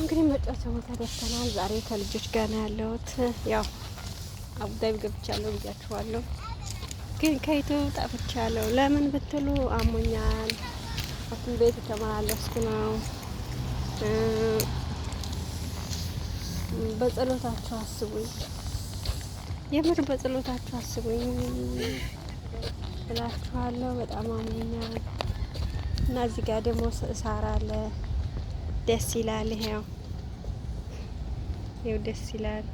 እንግዲህ መጫወቻ ቦታ ደርሰናል። ዛሬ ከልጆች ጋር ነው ያለሁት። ያው አቡዳቢ ገብቻለሁ ብያችኋለሁ፣ ግን ከዩቱብ ጠፍቻለሁ። ለምን ብትሉ አሞኛል፣ አቱም ቤት የተመላለስኩ ነው። በጸሎታችሁ አስቡኝ፣ የምር በጸሎታችሁ አስቡኝ እላችኋለሁ። በጣም አሞኛል እና እዚህ ጋር ደግሞ ሳራ አለ ደስ ይላል። ይሄው ይሄው ደስ ይላል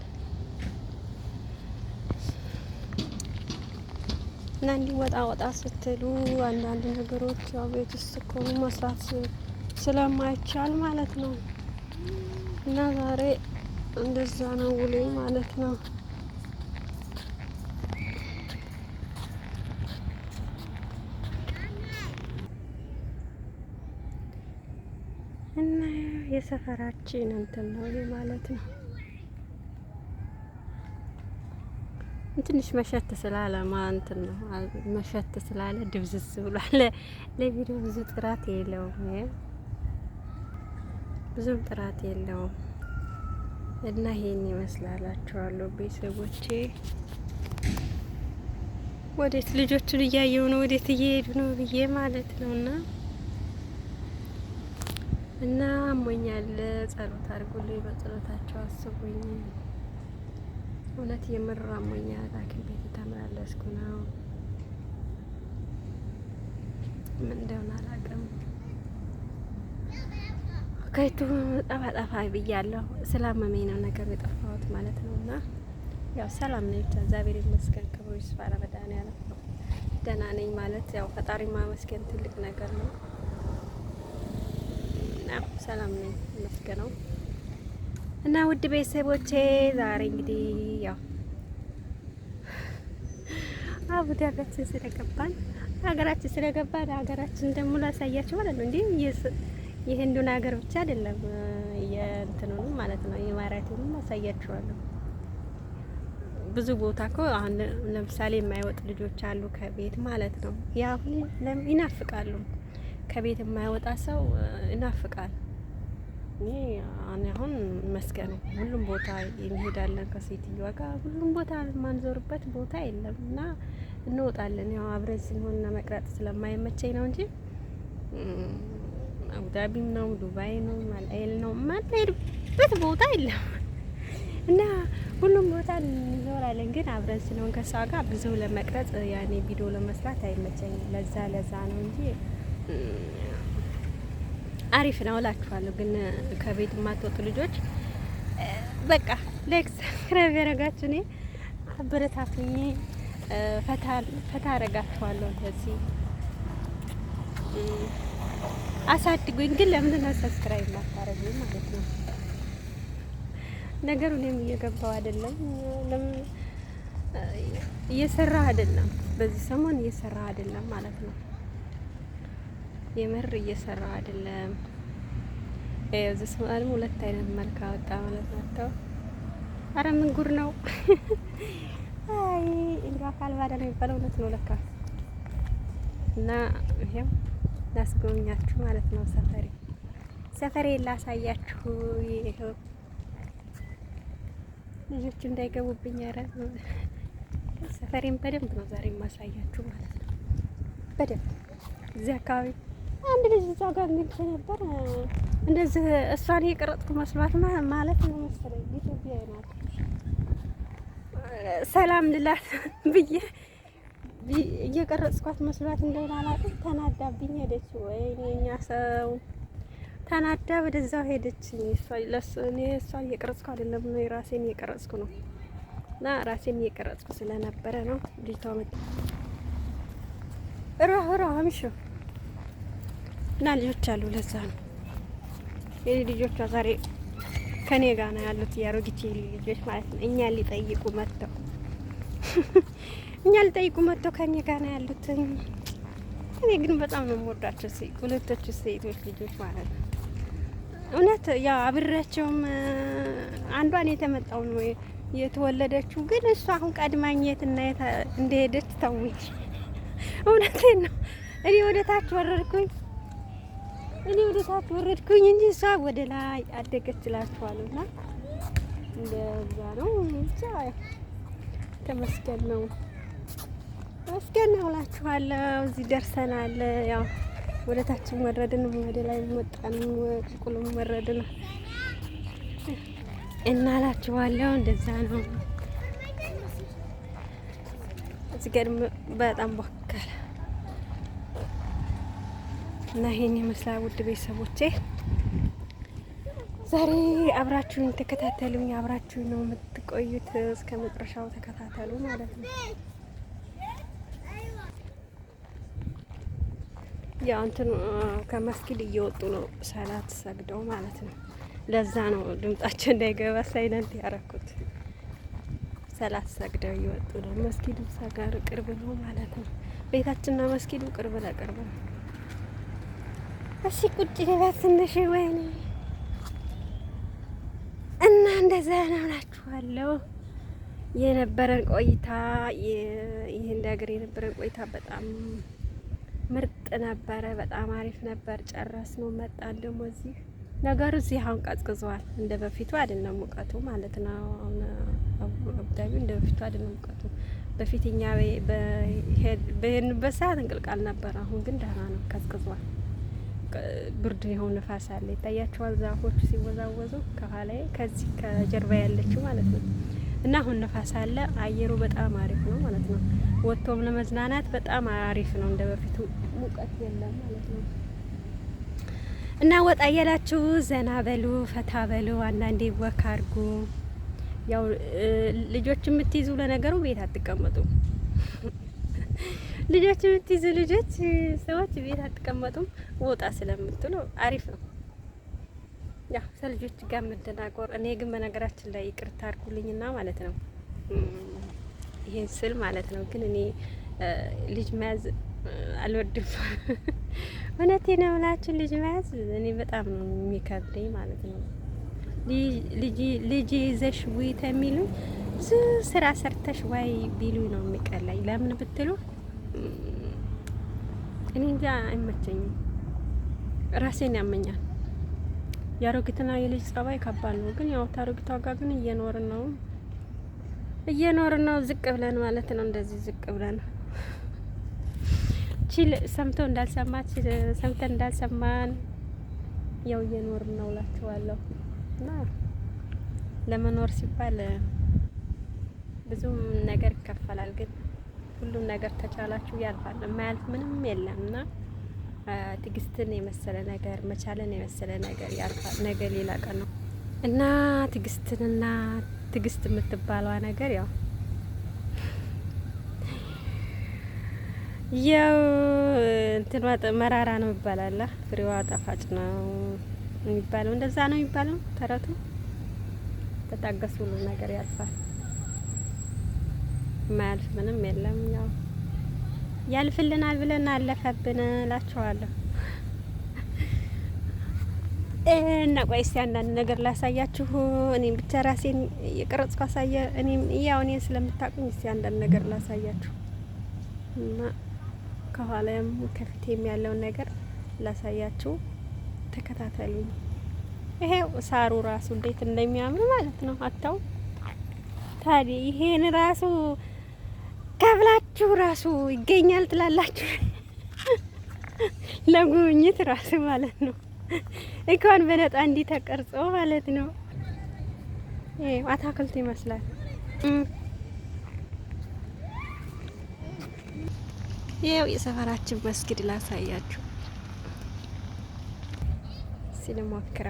እና እንዲህ ወጣ ወጣ ስትሉ አንዳንድ ነገሮች ያው ቤት ውስጥ ከሆኑ መስራት ስለማይቻል ማለት ነው እና ዛሬ እንደዛ ነው ውሌ ማለት ነው። የሰፈራችን እንትን ነው ይሄ ማለት ነው። ትንሽ መሸት ስላለ ማንት ነው መሸት ስላለ ድብዝዝ ብሏል። ለቪዲዮ ብዙ ጥራት የለውም፣ ብዙም ጥራት የለውም እና ይሄን ይመስላላችኋለሁ ቤተሰቦቼ። ወዴት ልጆቹን እያየው ነው፣ ወዴት እየሄዱ ነው ብዬ ማለት ነው እና እና አሞኛል፣ ጸሎት አድርጉልኝ፣ በጸሎታቸው አስቡኝ። እውነት የምር አሞኛል፣ ሐኪም ቤት ተመላለስኩ ነው። ምን እንደሆነ አላውቅም። ከይቱ ጠፋ ጠፋ ብያለሁ። ስላመመኝ ነው ነገር የጠፋሁት ማለት ነው። እና ያው ሰላም ነኝ ብቻ እግዚአብሔር ይመስገን፣ ክብሩ ይስፋ። ረመዳን ያለ ነው ደህና ነኝ ማለት ያው ፈጣሪ ማመስገን ትልቅ ነገር ነው። ሰላም ነኝ ይመስገነው። እና ውድ ቤተሰቦቼ ዛሬ እንግዲህ ያው አቡዳቢያችን ስለገባን ሀገራችን ስለገባን ሀገራችን ደግሞ ላሳያችሁ ማለት ነው። እንዲህ የህንዱን ሀገር ብቻ አይደለም የእንትኑንም ማለት ነው የማራቲውንም አሳያችኋለሁ። ብዙ ቦታ እኮ አሁን ለምሳሌ የማይወጡ ልጆች አሉ ከቤት ማለት ነው። ያ አሁን ይናፍቃሉ። ከቤት የማይወጣ ሰው እናፍቃል። እኔ አሁን መስገን ሁሉም ቦታ እንሄዳለን ከሴትዮዋ ጋር ሁሉም ቦታ የማንዞርበት ቦታ የለም እና እንወጣለን። ያው አብረን ስንሆንና መቅረጥ ስለማይመቸኝ ነው እንጂ አቡዳቢም ነው ዱባይ ነው ማልኤል ነው ማንሄድበት ቦታ የለም እና ሁሉም ቦታ እንዞራለን። ግን አብረን ስንሆን ከሷ ጋር ብዙ ለመቅረጽ ያኔ ቪዲዮ ለመስራት አይመቸኝም። ለዛ ለዛ ነው እንጂ አሪፍ ነው እላችኋለሁ። ግን ከቤት የማትወጡ ልጆች በቃ ላይክ ሰብስክራይብ ያደረጋችሁ እኔ አበረታቱኝ፣ ፈታ ፈታ አደርጋችኋለሁ። እንደዚህ አሳድጉኝ። ግን ለምን ነው ሰብስክራይብ ማታረጉኝ ማለት ነው? ነገሩ እኔም እየገባው አይደለም። ለምን እየሰራ አይደለም? በዚህ ሰሞን እየሰራ አይደለም ማለት ነው። የምር እየሰራ አይደለም። እዚህ ስም አለም ሁለት አይነት መልክ አወጣ ማለት ነው። አረ ምን ጉር ነው! አይ እንግዲህ አካል ባዳ ነው የሚባለው እውነት ነው ለካ። እና ይሄው ላስጎብኛችሁ ማለት ነው። ሰፈሬ ሰፈሬ ላሳያችሁ። ይሄው ልጆች እንዳይገቡብኝ። አረ ሰፈሬን በደንብ ነው ዛሬ የማሳያችሁ ማለት ነው። በደንብ እዚህ አካባቢ አንድ ልጅ እዛ ጋር የሚልሽ ነበር እንደዚህ እሷን የቀረጥኩ መስሏት ማለት ነው መሰለኝ። ኢትዮጵያ ናት ሰላም ልላት ብዬ እየቀረጽኳት መስሏት እንደሆነ አላውቅም። ተናዳብኝ ሄደች። ወይኔ እኛ ሰው ተናዳ ወደዛው ሄደች። እኔ እሷ እየቀረጽኩ አይደለም ነው የራሴን እየቀረጽኩ ነው እና ራሴን እየቀረጽኩ ስለነበረ ነው ልጅቷ መጣ ሮህ ሮህ ምሽው እና ልጆች አሉ። ለዛ ነው የኔ ልጆቿ ዛሬ ከኔ ጋር ነው ያሉት፣ የአሮጊት ልጆች ማለት ነው። እኛ ሊጠይቁ መጥተው እኛ ሊጠይቁ መጥተው ከኔ ጋር ነው ያሉት። እኔ ግን በጣም ነው የምወዳቸው ሁለቶቹ ሴቶች ልጆች ማለት ነው። እውነት ያው አብሬያቸውም አንዷን የተመጣው ነው የተወለደችው ግን እሷ አሁን ቀድማኝ የት እና የት እንደሄደች ተውኝ። እውነቴን ነው። እኔ ወደ ታች ወረድኩኝ። እኔ ወደ ታች ወረድኩኝ እንጂ እሷ ወደ ላይ አደገች እና እንደዛ ነው። ብቻ ተመስገን ነው መስገን ነው እላችኋለሁ። እዚህ ደርሰናል። ያው ወደ ታች ወረድን፣ ወደ ላይ መጣን፣ ቁልቁልም ወረድን እና እላችኋለሁ እንደዛ ነው። እዚህ ጋር በጣም ቦካለ እና ይሄን ይመስላል ውድ ቤተሰቦቼ ዛሬ አብራችሁኝ ተከታተሉኝ። አብራችሁኝ ነው የምትቆዩት እስከ መጨረሻው ተከታተሉ ማለት ነው። ያው እንትን ከመስጊድ እየወጡ ነው ሰላት ሰግደው ማለት ነው። ለዛ ነው ድምጻቸው እንዳይገባ ሳይለንት ያረኩት። ሰላት ሰግደው እየወጡ ነው። መስጊዱ ሳጋር ቅርብ ነው ማለት ነው። ቤታችንና መስጊዱ ቅርብ ለቅርብ ነው። እሺ ቁጭ ልበት ትንሽ ወይኔ እና እንደዛ ነው እላችኋለሁ። የነበረን ቆይታ ይህ እንደ ሀገር የነበረን ቆይታ በጣም ምርጥ ነበረ። በጣም አሪፍ ነበር። ጨረስ ነው መጣን። ደግሞ እዚህ ነገሩ እዚህ አሁን ቀዝቅዟል። እንደ በፊቱ አይደለም ሙቀቱ ማለት ነው። አሁን አቡዳቢው እንደ በፊቱ አይደለም ሙቀቱ። በፊት እኛ በሄድንበት ሰዓት እንቅልቃል ነበር። አሁን ግን ደህና ነው፣ ቀዝቅዟል። ብርድ የሆነ ነፋስ አለ ይታያቸዋል። ዛፎቹ ሲወዛወዙ ከኋላ ከዚህ ከጀርባ ያለችው ማለት ነው። እና አሁን ንፋስ አለ። አየሩ በጣም አሪፍ ነው ማለት ነው። ወጥቶም ለመዝናናት በጣም አሪፍ ነው። እንደ በፊቱ ሙቀት የለም ማለት ነው። እና ወጣ እያላችሁ ዘና በሉ፣ ፈታ በሉ፣ አንዳንዴ ወክ አድርጉ። ያው ልጆች የምትይዙ ለነገሩ ቤት አትቀመጡ። ልጆች የምትይዙ ልጆች ሰዎች ቤት አትቀመጡም ወጣ ስለምትሉ አሪፍ ነው። ያ ከልጆች ጋር መደናቆር። እኔ ግን በነገራችን ላይ ይቅርታ አድርጉልኝና ማለት ነው ይሄን ስል ማለት ነው ግን እኔ ልጅ መያዝ አልወድም። እውነቴ ነው የምላችሁ ልጅ መያዝ እኔ በጣም ነው የሚከብደኝ ማለት ነው። ልጅ ይዘሽ ውይ ተሚሉኝ ብዙ ስራ ሰርተሽ ዋይ ቢሉ ነው የሚቀላኝ። ለምን ብትሉ እኔ እንጃ አይመቸኝም፣ ራሴን ያመኛል። የአሮጊትና የልጅ ጸባይ ከባድ ነው። ግን ያው ታሮጊቷ ጋር ግን እየኖር ነው እየኖር ነው ዝቅ ብለን ማለት ነው። እንደዚህ ዝቅ ብለን ቺል ሰምቶ እንዳልሰማ ሰምተን እንዳልሰማን ያው እየኖር ነው እላችኋለሁ። እና ለመኖር ሲባል ብዙም ነገር ይከፈላል ግን ሁሉም ነገር ተቻላችሁ ያልፋል። የማያልፍ ምንም የለም እና ትዕግስትን የመሰለ ነገር መቻልን የመሰለ ነገር ያልፋል። ነገ ሌላ ቀን ነው እና ትግስትንና ትግስት የምትባለዋ ነገር ያው ያው እንትን መራራ ነው ይባላል። ፍሬዋ ጣፋጭ ነው የሚባለው እንደዛ ነው የሚባለው ተረቱ። ተታገሱ፣ ሁሉ ነገር ያልፋል። የማያልፍ ምንም የለም። ያው ያልፍልናል ብለን አለፈብን እላቸዋለሁ። እና ቆይ እስቲ አንዳንድ ነገር ላሳያችሁ። እኔም ብቻ ራሴን የቀረጽኩ አሳየ። እኔም ያው እኔን ስለምታውቁኝ እስቲ አንዳንድ ነገር ላሳያችሁ እና ከኋላም ከፊቴም ያለውን ነገር ላሳያችሁ። ተከታተሉኝ። ይሄው ሳሩ ራሱ እንዴት እንደሚያምር ማለት ነው። አታው ታዲያ ይሄን ራሱ ከብላችሁ ራሱ ይገኛል ትላላችሁ። ለጉብኝት ራሱ ማለት ነው። እንኳን በነጣ እንዲህ ተቀርጾ ማለት ነው። አታክልት ይመስላል። ይኸው የሰፈራችን መስጊድ ላሳያችሁ ሲልሞክራ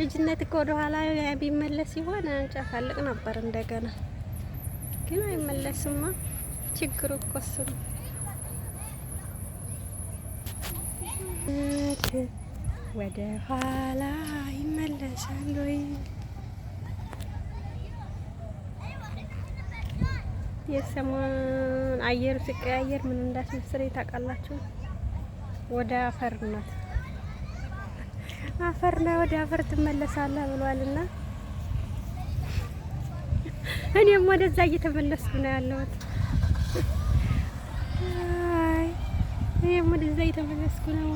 ልጅነት እኮ ወደኋላ ቢመለስ ይሆን ጫፋልቅ ነበር እንደገና ግን አይመለስማ። ችግሩ እኮ እሱ ነው። ወደ ኋላ ይመለሳል ወይ? የሰሞን አየር ሲቀያየር ምን እንዳስመስል ታውቃላችሁ? ወደ አፈርነት አፈርና ወደ አፈር ትመለሳለህ ብሏልና እኔም ወደዛ እየተመለስኩ ነው ያለሁት። እኔም ወደዛ እየተመለስኩ ነው።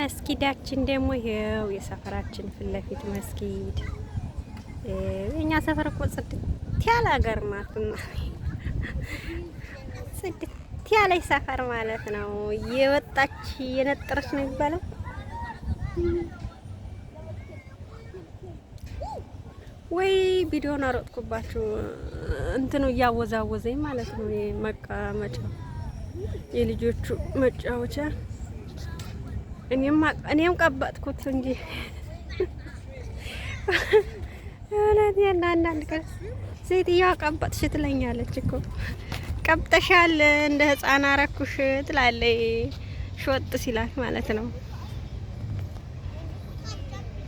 መስጊዳችን ደግሞ ይኸው የሰፈራችን ፊት ለፊት መስጊድ። ሰፈር እኮ ጽድት ያለ ሀገር ናት። ጽድት ያለች ሰፈር ማለት ነው። የወጣች የነጠረች ነው የሚባለው ወይ ቪዲዮን አሮጥኩባችሁ እንትኑ እያወዛወዘኝ ማለት ነው። መቀመጫ የልጆቹ መጫወቻ እኔም ቀበጥኩት እንጂ እውነት ያን አንዳንድ ቀን ሴትዮዋ ቀበጥሽ ትለኛለች እኮ ቀብጠሻል፣ እንደ ህፃን አረኩሽ ትላለች። ሾጥ ሲላት ማለት ነው።